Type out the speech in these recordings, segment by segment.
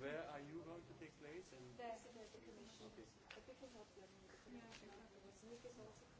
Where are you going to take place? And there's the commission. Okay. I think the commission. Yeah, also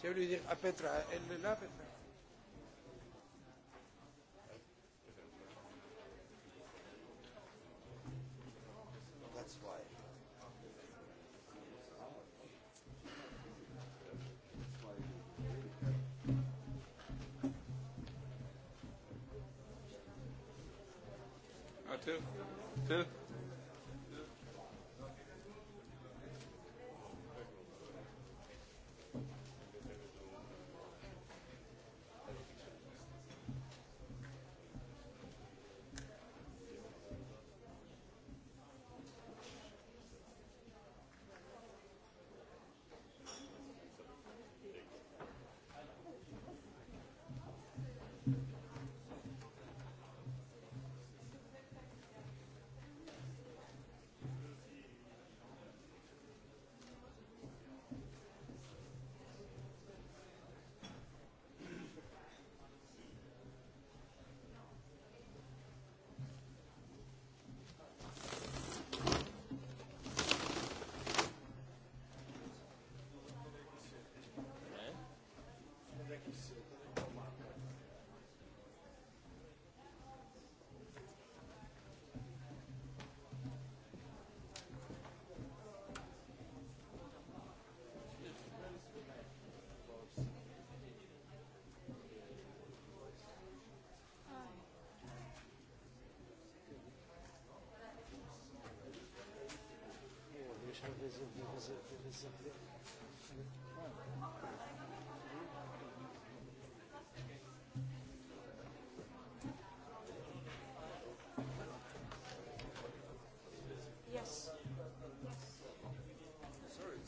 Si vous voulez Petra, elle est Petra. That's why. Two. Ah, Two. Yes. a, there's a, there's a, Yes. Sorry,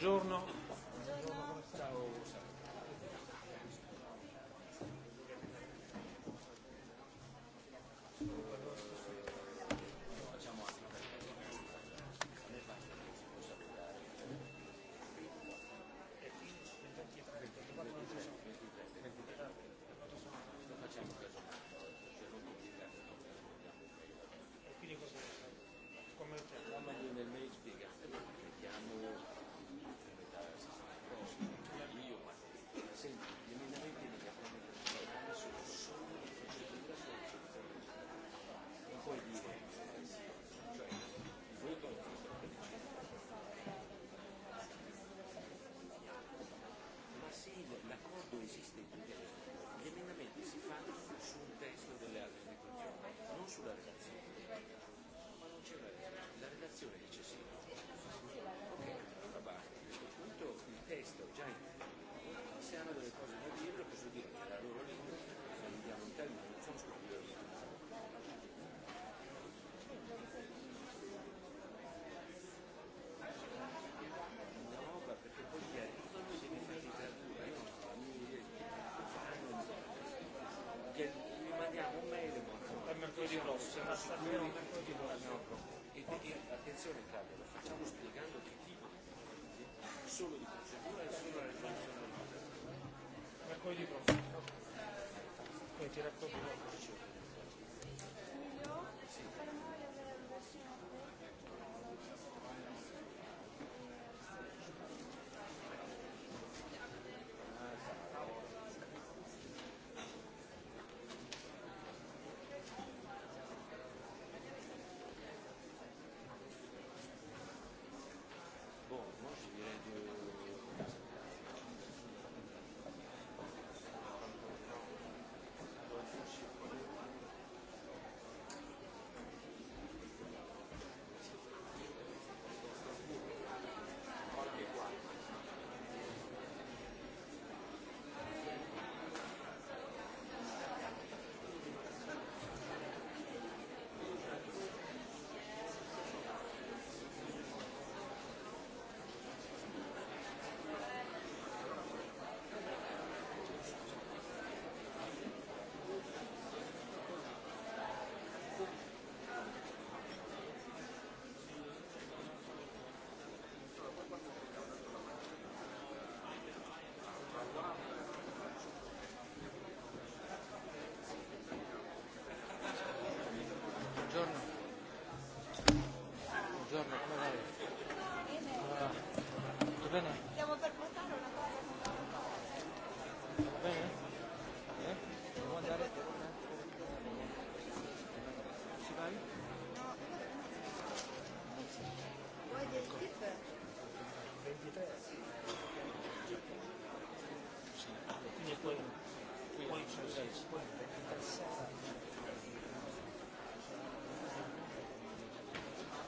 Buongiorno. così grosso, sarà stato meno così grosso. E quindi e, e, attenzione Claudio, lo facciamo spiegando che tipo di solo di procedura e solo la risoluzione del Ma così grosso. Poi ti racconto una cosa. Sì.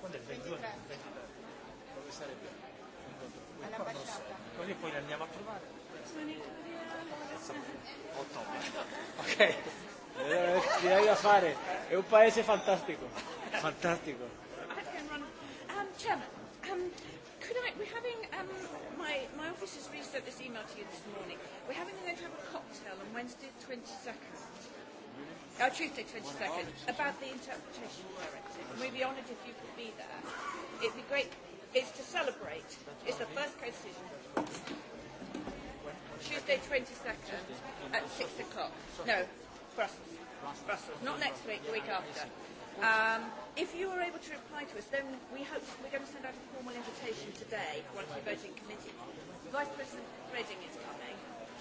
Quando è il 22? Dove sarebbe? All'ambasciata. Così poi li andiamo a trovare. Ottobre. Ok. Eh, direi da fare. È un paese fantastico. Fantastico. Um, Chairman, um, could I, we're having um, my, my office has reached out this email to you this morning. We're having a to have a cocktail on Wednesday 22nd. Oh, Tuesday 22nd, about the interpretation directive. And we'd be honoured if you could be there. It'd be great. It's to celebrate. It's the first co-decision. Tuesday 22nd at 6 o'clock. No, Brussels. Brussels. Not next week, the week after. Um, if you are able to reply to us, then we hope we're going to send out a formal invitation today for the voting committee. Vice President Redding is coming,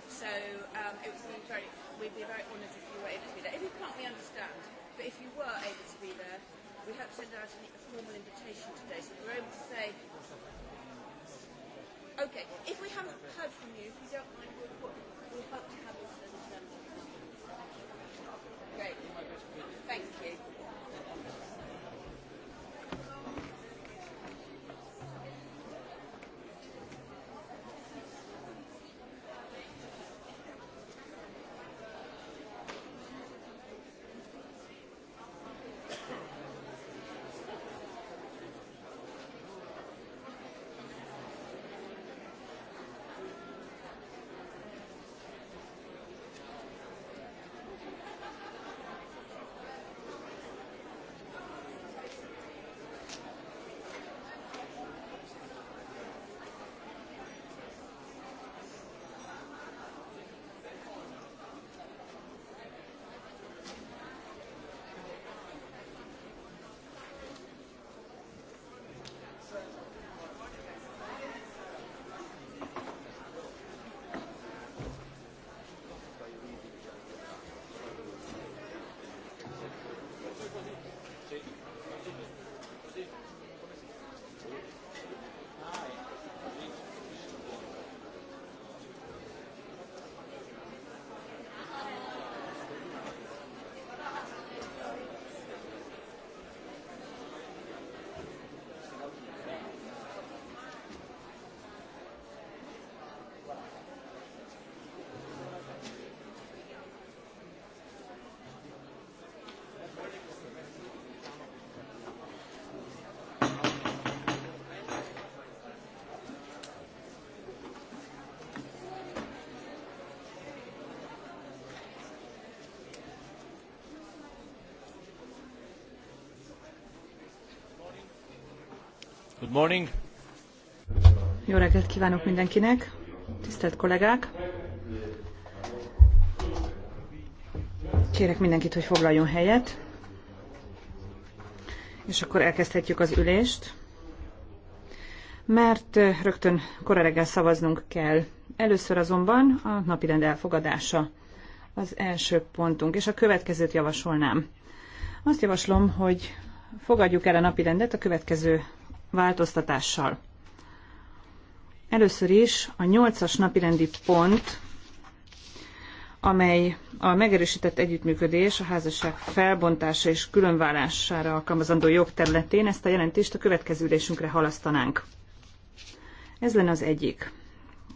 so um, it was very, we'd be very honoured if you were able to be there. If you can't, we understand. But if you were able to be there, we hope to send out a formal invitation today, so we're able to say Okay, if we haven't heard from you, if you don't mind, we'll, we'll hope to have you. as an Great. Good morning. Jó reggelt kívánok mindenkinek, tisztelt kollégák! Kérek mindenkit, hogy foglaljon helyet, és akkor elkezdhetjük az ülést, mert rögtön kora reggel szavaznunk kell. Először azonban a napirend elfogadása az első pontunk, és a következőt javasolnám. Azt javaslom, hogy fogadjuk el a napirendet a következő változtatással. Először is a nyolcas napirendi pont, amely a megerősített együttműködés a házasság felbontása és különválására alkalmazandó jogterületén ezt a jelentést a következő ülésünkre halasztanánk. Ez lenne az egyik.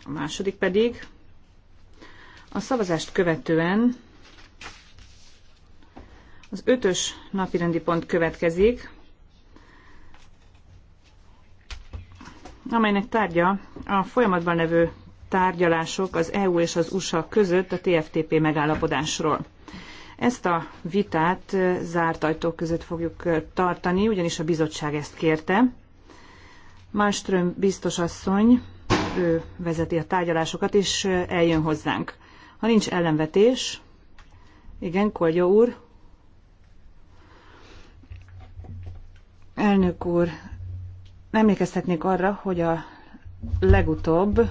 A második pedig a szavazást követően az ötös napirendi pont következik, amelynek tárgya a folyamatban levő tárgyalások az EU és az USA között a TFTP megállapodásról. Ezt a vitát zárt ajtók között fogjuk tartani, ugyanis a bizottság ezt kérte. Malmström biztos asszony, ő vezeti a tárgyalásokat, és eljön hozzánk. Ha nincs ellenvetés, igen, Kolja úr, elnök úr, emlékeztetnék arra, hogy a legutóbb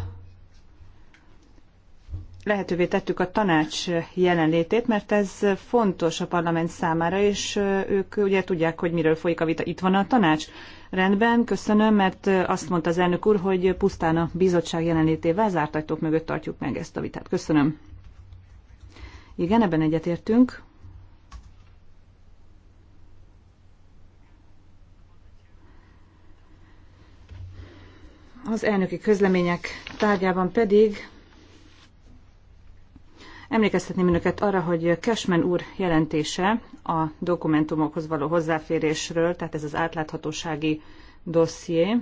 lehetővé tettük a tanács jelenlétét, mert ez fontos a parlament számára, és ők ugye tudják, hogy miről folyik a vita. Itt van a tanács. Rendben, köszönöm, mert azt mondta az elnök úr, hogy pusztán a bizottság jelenlétével zárt ajtók mögött tartjuk meg ezt a vitát. Köszönöm. Igen, ebben egyetértünk. Az elnöki közlemények tárgyában pedig emlékeztetném önöket arra, hogy Cashman úr jelentése a dokumentumokhoz való hozzáférésről, tehát ez az átláthatósági dosszié,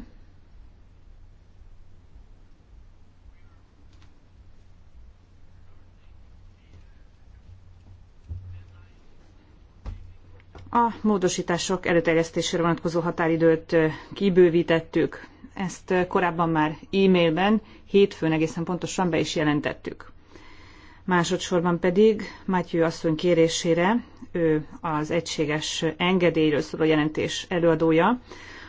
A módosítások előterjesztésére vonatkozó határidőt kibővítettük. Ezt korábban már e-mailben, hétfőn egészen pontosan be is jelentettük. Másodszorban pedig Mátyő asszony kérésére, ő az egységes engedélyről szóló jelentés előadója.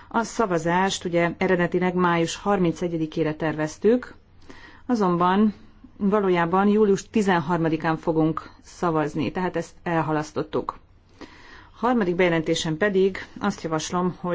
A szavazást ugye eredetileg május 31-ére terveztük, azonban valójában július 13-án fogunk szavazni, tehát ezt elhalasztottuk. Harmadik bejelentésem pedig azt javaslom, hogy